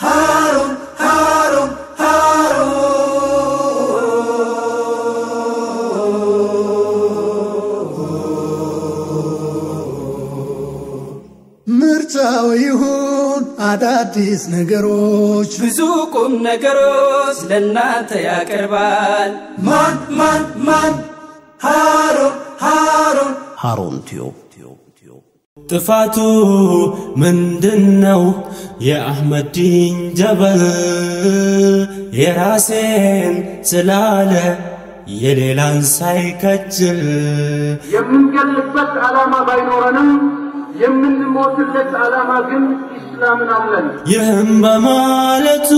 هارون هارون ምርጫው ይሁን አዳዲስ ነገሮች ብዙ ቁም ነገሮች ለእናንተ ያቀርባል። ማን ማን ማን ሃሩን ሃሩን ሃሩን ቲዩብ ጥፋቱ ምንድነው? የአህመድ ዲን ጀበል የራሴን ስላለ የሌላን ሳይከጅል የምንገልበት ዓላማ ባይኖረንም የምንሞትለት ዓላማ ግን ኢስላምን አለን። ይህም በማለቱ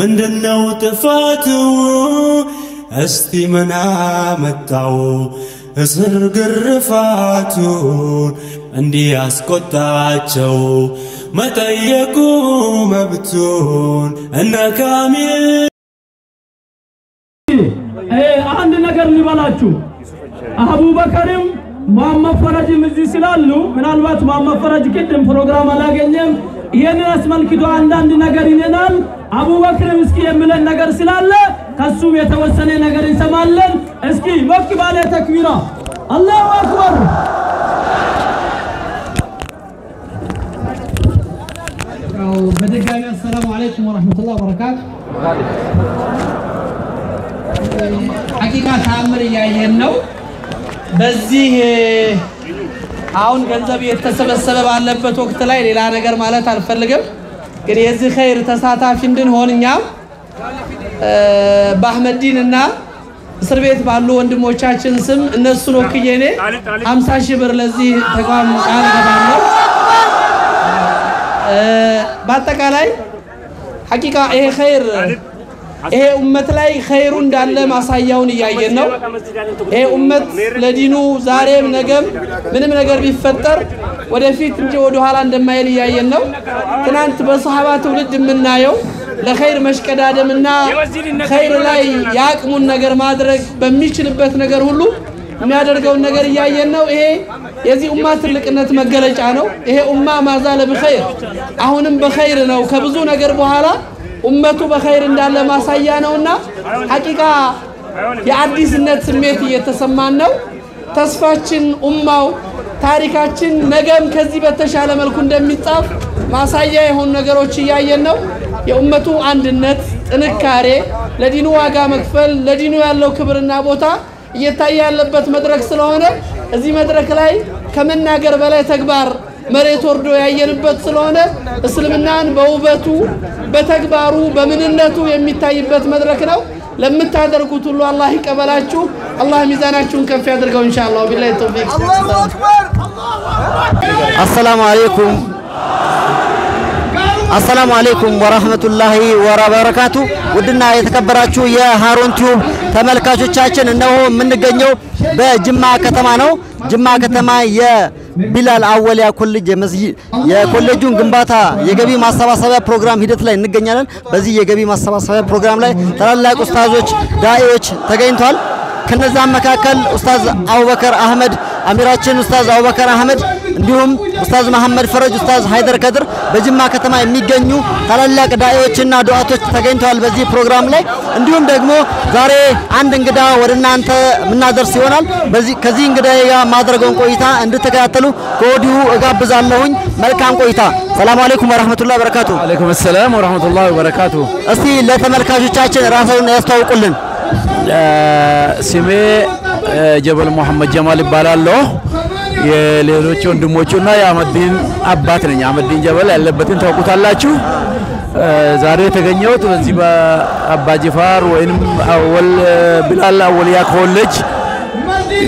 ምንድነው ጥፋቱ? እስቲ ምና መጣው እስር ግርፋቱን እንዲያስቆጣቸው መጠየቁ መብቱን እነ ካሚል አንድ ነገር ልበላችሁ። አቡበከርም መሐመድ ፈረጅም እዚህ ስላሉ ምናልባት መሐመድ ፈረጅ ቅድም ፕሮግራም አላገኘም። ይህንን አስመልክቶ አንዳንድ ነገር ይነናል። አቡበክርም እስኪ የሚለን ነገር ስላለ ከሱም የተወሰነ ነገር እንሰማለን። እስኪ ሞቅ ባለ ተክቢራ አላሁ አክበር። በድጋሚ አሰላሙ አለይኩም ወረሕመቱላህ ወበረካቱ። ሐቂቃ ተአምር እያየን ነው። በዚህ አሁን ገንዘብ የተሰበሰበ ባለበት ወቅት ላይ ሌላ ነገር ማለት አልፈልግም፣ ግን የዚህ ኸይር ተሳታፊ እንድንሆን እኛም በአህመድ እና እስር ቤት ባሉ ወንድሞቻችን ስም እነሱን ወክዬ እኔ 50 ሺህ ብር ለዚህ ተቋም ቃል ገባለሁ። በአጠቃላይ ሐቂቃ ይሄ ኸይር ይሄ ኡመት ላይ ኸይሩ እንዳለ ማሳያውን እያየን ነው። ይሄ ኡመት ለዲኑ ዛሬም ነገም ምንም ነገር ቢፈጠር ወደፊት እንጂ ወደኋላ እንደማይል እያየን ነው። ትናንት በሰሃባ ትውልድ የምናየው ለኸይር መሽቀዳደምና ኸይር ላይ የአቅሙን ነገር ማድረግ በሚችልበት ነገር ሁሉ የሚያደርገውን ነገር እያየን ነው። ይሄ የዚህ ኡማ ትልቅነት መገለጫ ነው። ይሄ ኡማ ማዛለ ብኸይር አሁንም በኸይር ነው። ከብዙ ነገር በኋላ ኡመቱ በኸይር እንዳለ ማሳያ ነውና ሐቂቃ የአዲስነት ስሜት እየተሰማን ነው። ተስፋችን ኡማው ታሪካችን ነገም ከዚህ በተሻለ መልኩ እንደሚጻፍ ማሳያ የሆኑ ነገሮች እያየን ነው። የኡመቱ አንድነት ጥንካሬ፣ ለዲኑ ዋጋ መክፈል፣ ለዲኑ ያለው ክብርና ቦታ እየታየ ያለበት መድረክ ስለሆነ እዚህ መድረክ ላይ ከመናገር በላይ ተግባር መሬት ወርዶ ያየንበት ስለሆነ እስልምናን በውበቱ በተግባሩ በምንነቱ የሚታይበት መድረክ ነው። ለምታደርጉት ሁሉ አላህ ይቀበላችሁ። አላህ ሚዛናችሁን ከፍ ያድርገው። ኢንሻአላህ ቢላሂ ተውፊቅ። አሰላሙ አለይኩም አሰላሙ አሌይኩም ወራህመቱላሂ ወበረካቱ። ውድና የተከበራችሁ የሀሩን ቲዩብ ተመልካቾቻችን እነሆ የምንገኘው በጅማ ከተማ ነው። ጅማ ከተማ የቢላል አወሊያ ኮሌጅ የኮሌጁን ግንባታ የገቢ ማሰባሰቢያ ፕሮግራም ሂደት ላይ እንገኛለን። በዚህ የገቢ ማሰባሰቢያ ፕሮግራም ላይ ታላላቅ ኡስታዞች፣ ዳኢዎች ተገኝተዋል። ከነዛም መካከል ኡስታዝ አቡበከር አህመድ አሚራችን ኡስታዝ አቡበከር አህመድ እንዲሁም ኡስታዝ መሐመድ ፈረጅ፣ ኡስታዝ ሃይደር ከድር በጅማ ከተማ የሚገኙ ታላላቅ ዳኤዎችና ዱዓቶች ተገኝተዋል በዚህ ፕሮግራም ላይ። እንዲሁም ደግሞ ዛሬ አንድ እንግዳ ወደ እናንተ የምናደርስ ይሆናል። ከዚህ እንግዳ ጋር ማድረገውን ቆይታ እንድትከታተሉ ከወዲሁ እጋብዛለሁኝ። መልካም ቆይታ። ሰላም አለይኩም ወረህመቱላሂ ወበረካቱ። አለይኩም ሰላም ወረህመቱላሂ ወበረካቱ። እስቲ ለተመልካቾቻችን ራሳችሁን ያስተዋውቁልን። ስሜ ጀበል መሐመድ ጀማል ይባላለሁ። የሌሎች ወንድሞቹና የአህመድዲን አባት ነኝ። አህመድዲን ጀበል ያለበትን ታውቁታላችሁ። ዛሬ የተገኘሁት በዚህ በአባ ወይም አወል ቢላል አወልያ ኮሌጅ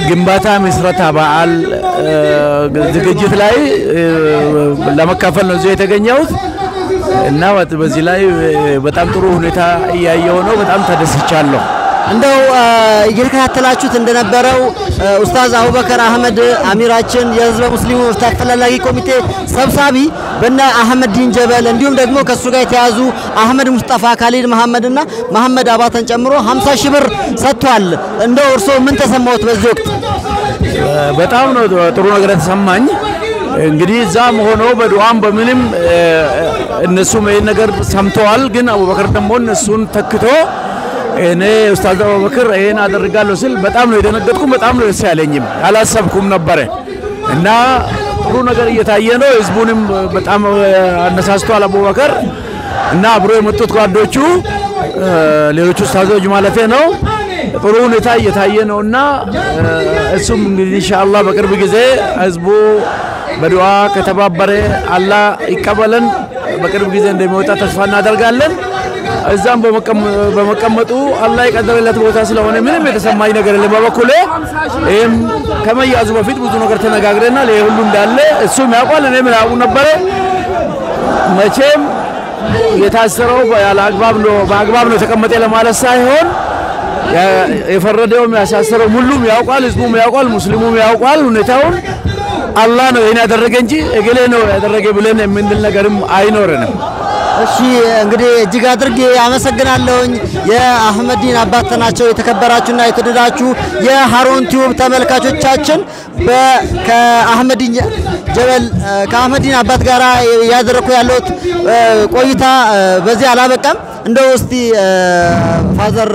ግንባታ ምስረታ በዓል ዝግጅት ላይ ለመካፈል ነው እዚህ የተገኘሁት እና በዚህ ላይ በጣም ጥሩ ሁኔታ እያየሁ ነው። በጣም ተደስቻለሁ። እንደው እየተከታተላችሁት እንደነበረው ኡስታዝ አቡበከር አህመድ አሚራችን የህዝበ ሙስሊሙ ፍትህ ኮሚቴ ሰብሳቢ በነ አህመድ ዲን ጀበል እንዲሁም ደግሞ ከሱ ጋር የተያዙ አህመድ ሙስጠፋ፣ ካሊድ መሐመድና መሐመድ አባተን ጨምሮ 50 ሺህ ብር ሰጥቷል። እንደው እርሶ ምን ተሰማዎት በዚህ ወቅት? በጣም ነው ጥሩ ነገር ተሰማኝ። እንግዲህ እዛም ሆኖ በዱዓም በምንም እነሱም ይህን ነገር ሰምተዋል። ግን አቡበከር ደግሞ እነሱን ተክቶ እኔ ኡስታዝ አቡበክር ይሄን አደርጋለሁ ስል በጣም ነው የደነገጥኩም፣ በጣም ነው ደስ ያለኝም፣ አላሰብኩም ነበረ እና ጥሩ ነገር እየታየ ነው። ህዝቡንም በጣም አነሳስቷል አቡበክር እና አብሮ የመጡት ጓዶቹ ሌሎቹ ኡስታዞች ማለቴ ነው። ጥሩ ሁኔታ እየታየ ነው እና እሱም እንግዲህ ኢንሻአላህ በቅርብ ጊዜ ህዝቡ በዱዓ ከተባበረ አላህ ይቀበለን። በቅርብ ጊዜ እንደሚወጣ ተስፋ እናደርጋለን። እዛም በመቀመጡ አላህ የቀደረለት ቦታ ስለሆነ ምንም የተሰማኝ ነገር የለም በበኩሌ። ይህም ከመያዙ በፊት ብዙ ነገር ተነጋግረናል። ይህ ሁሉ እንዳለ እሱም ያውቋል፣ እኔም ያውቁ ነበረ። መቼም የታሰረው በአግባብ ነው ተቀመጠ ለማለት ሳይሆን የፈረደውም ያሳሰረው ሁሉም ያውቋል፣ ህዝቡም ያውቋል፣ ሙስሊሙም ያውቋል ሁኔታውን። አላህ ነው ይህን ያደረገ እንጂ እገሌ ነው ያደረገ ብለን የምንል ነገርም አይኖረንም። እሺ እንግዲህ እጅግ አድርጌ አመሰግናለሁኝ። የአህመዲን አባት ናቸው። የተከበራችሁና የተወደዳችሁ የሀሮን ቲዩብ ተመልካቾቻችን ከአህመዲን ጀበል ከአህመዲን አባት ጋር እያደረኩ ያለሁት ቆይታ በዚህ አላበቃም። እንደው እስቲ ፋዘር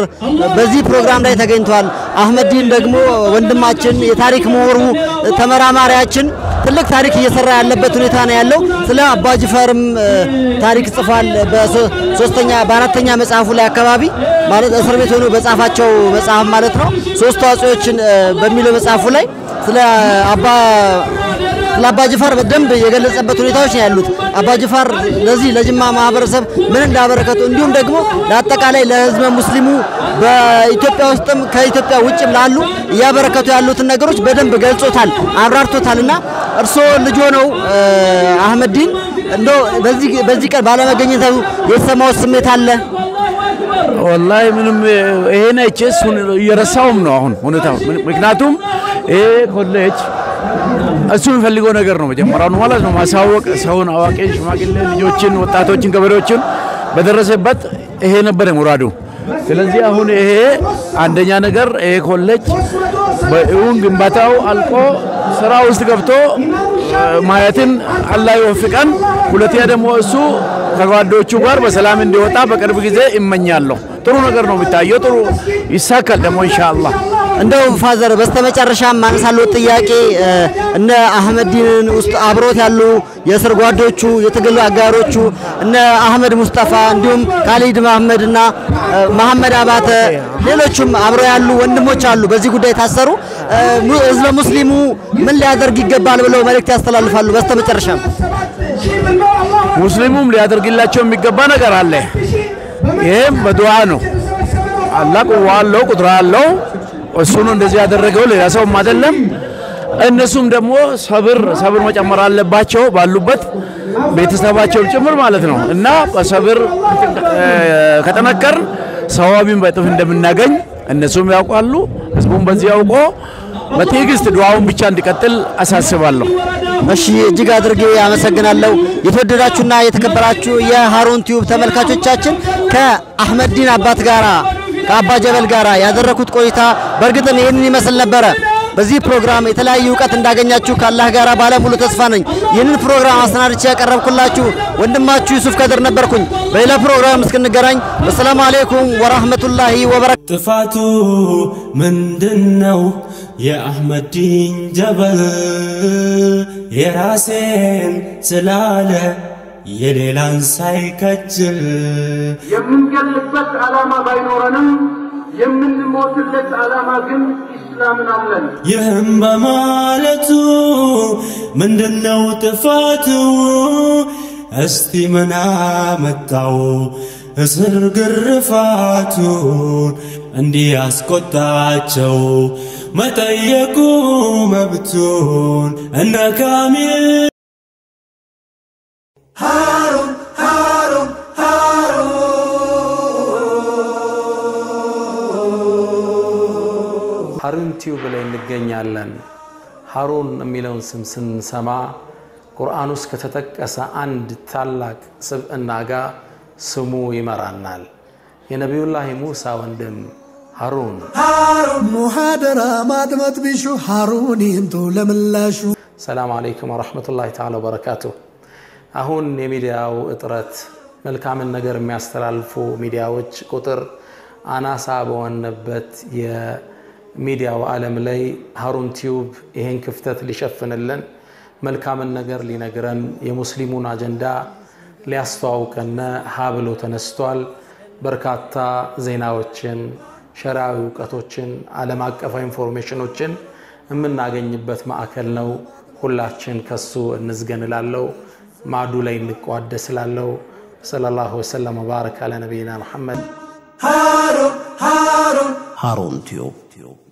በዚህ ፕሮግራም ላይ ተገኝቷል። አህመዲን ደግሞ ወንድማችን የታሪክ ምሁሩ ተመራማሪያችን ትልቅ ታሪክ እየሰራ ያለበት ሁኔታ ነው ያለው። ስለ አባጅፈርም ታሪክ ጽፏል። በሶስተኛ በአራተኛ መጽሐፉ ላይ አካባቢ ማለት እስር ቤት ሆኖ በጻፋቸው መጽሐፍ ማለት ነው ሶስቱ ተዋጽኦችን በሚለው መጽሐፉ ላይ ስለ አባ ለአባጅፋር በደንብ የገለጸበት ሁኔታዎች ነው ያሉት። አባጅፋር ለዚህ ለጅማ ማህበረሰብ ምን እንዳበረከቱ እንዲሁም ደግሞ ለአጠቃላይ ለህዝበ ሙስሊሙ በኢትዮጵያ ውስጥም ከኢትዮጵያ ውጭም ላሉ እያበረከቱ ያሉትን ነገሮች በደንብ ገልጾታል፣ አብራርቶታል እና እርስዎ ልጆ ነው አህመዲን እንዶ በዚህ በዚህ ቀን ባለመገኘቱ የተሰማው ስሜት አለ? ወላሂ ምንም ይሄን አይቼስ እየረሳውም ነው አሁን ሁኔታው። ምክንያቱም ይሄ ኮሌጅ እሱ የሚፈልገው ነገር ነው። መጀመሪያውን ማለት ነው ማሳወቅ፣ ሰውን፣ አዋቂ ሽማግሌ፣ ልጆችን፣ ወጣቶችን፣ ገበሬዎችን በደረሰበት ይሄ ነበር ሙራዱ። ስለዚህ አሁን ይሄ አንደኛ ነገር ይሄ ኮሌጅ በእውን ግንባታው አልቆ ስራ ውስጥ ገብቶ ማየትን አላህ ይወፍቀን። ሁለተኛ ደግሞ እሱ ከጓዶቹ ጋር በሰላም እንዲወጣ በቅርብ ጊዜ እመኛለሁ። ጥሩ ነገር ነው የሚታየው። ጥሩ ይሳካል ደግሞ ኢንሻአላህ። እንደው ፋዘር በስተመጨረሻ ማንሳለው ጥያቄ እነ አህመዲንን ውስጥ አብሮት ያሉ የእስር ጓዶቹ የትግል አጋሮቹ እነ አህመድ ሙስጠፋ እንዲሁም ካሊድ መሐመድ እና መሐመድ አባተ ሌሎቹም አብሮ ያሉ ወንድሞች አሉ በዚህ ጉዳይ ታሰሩ። ህዝበ ሙስሊሙ ምን ሊያደርግ ይገባል ብለው መልእክት ያስተላልፋሉ በስተመጨረሻ? ሙስሊሙም ሊያደርግላቸው የሚገባ ነገር አለ። ይህም በዱዓ ነው። አላህ ቁዋ አለው ቁጥራ አለው። እሱ እንደዚህ ያደረገው፣ ሌላ ሰውም አይደለም። እነሱም ደግሞ ሰብር ሰብር መጨመር አለባቸው ባሉበት ቤተሰባቸው ጭምር ማለት ነው እና በሰብር ከጠነከር ሰዋቢን በጥፍ እንደምናገኝ እነሱም ያውቃሉ። ህዝቡም በዚህ ያውቆ በትዕግስት ብቻ እንዲቀጥል አሳስባለሁ። እሺ እጅግ አድርጌ አመሰግናለሁ። የተወደዳችሁና የተከበራችሁ የሀሩን ቲዩብ ተመልካቾቻችን ከአህመድዲን አባት ጋራ ከአባ ጀበል ጋራ ያደረኩት ቆይታ በእርግጥም ይህንን ይመስል ነበረ። በዚህ ፕሮግራም የተለያዩ እውቀት እንዳገኛችሁ ከአላህ ጋር ባለሙሉ ተስፋ ነኝ። ይህንን ፕሮግራም አሰናድቼ ያቀረብኩላችሁ ወንድማችሁ ዩሱፍ ከድር ነበርኩኝ። በሌላ ፕሮግራም እስክንገናኝ በሰላም አሌይኩም ወራህመቱላሂ ወበረካቱ። ጥፋቱ ምንድን ነው? የአህመድዲን ጀበል የራሴን ስላለ የሌላን ሳይከጅል የምንገልበት ዓላማ ባይኖረንም የምንሞትለት ዓላማ ግን ኢስላምን አለን። ይህም በማለቱ ምንድነው ጥፋቱ? እስቲ ምን አመጣው እስር ግርፋቱን እንዲህ ያስቆጣቸው መጠየቁ መብቱን እና ካሚል ሃሩን ቲዩብ ላይ እንገኛለን። ሃሩን የሚለውን ስም ስንሰማ ቁርአን ውስጥ ከተጠቀሰ አንድ ታላቅ ስብዕና ጋር ስሙ ይመራናል። የነቢዩላህ ሙሳ ወንድም ሀሩን ሙሐደራ ማድመጥ ቢሹ ሀሩን ይምጡ ለምላሹ። ሰላም አለይኩም ወረሕመቱላሂ ተዓላ ወበረካቱ። አሁን የሚዲያው እጥረት መልካምን ነገር የሚያስተላልፉ ሚዲያዎች ቁጥር አናሳ በሆነበት የሚዲያው ዓለም ላይ ሀሩን ቲዩብ ይሄን ክፍተት ሊሸፍንልን መልካምን ነገር ሊነግረን የሙስሊሙን አጀንዳ ሊያስተዋውቀን ሀብሎ ተነስቷል። በርካታ ዜናዎችን ሸራዊ እውቀቶችን ዓለም አቀፋዊ ኢንፎርሜሽኖችን የምናገኝበት ማዕከል ነው። ሁላችን ከሱ እንዝገን እላለሁ። ማዱ ላይ እንቋደስ እላለሁ። ሰለላሁ ወሰለም ወባረክ አለ ነቢይና ሙሐመድ። ሃሩን ቲዩብ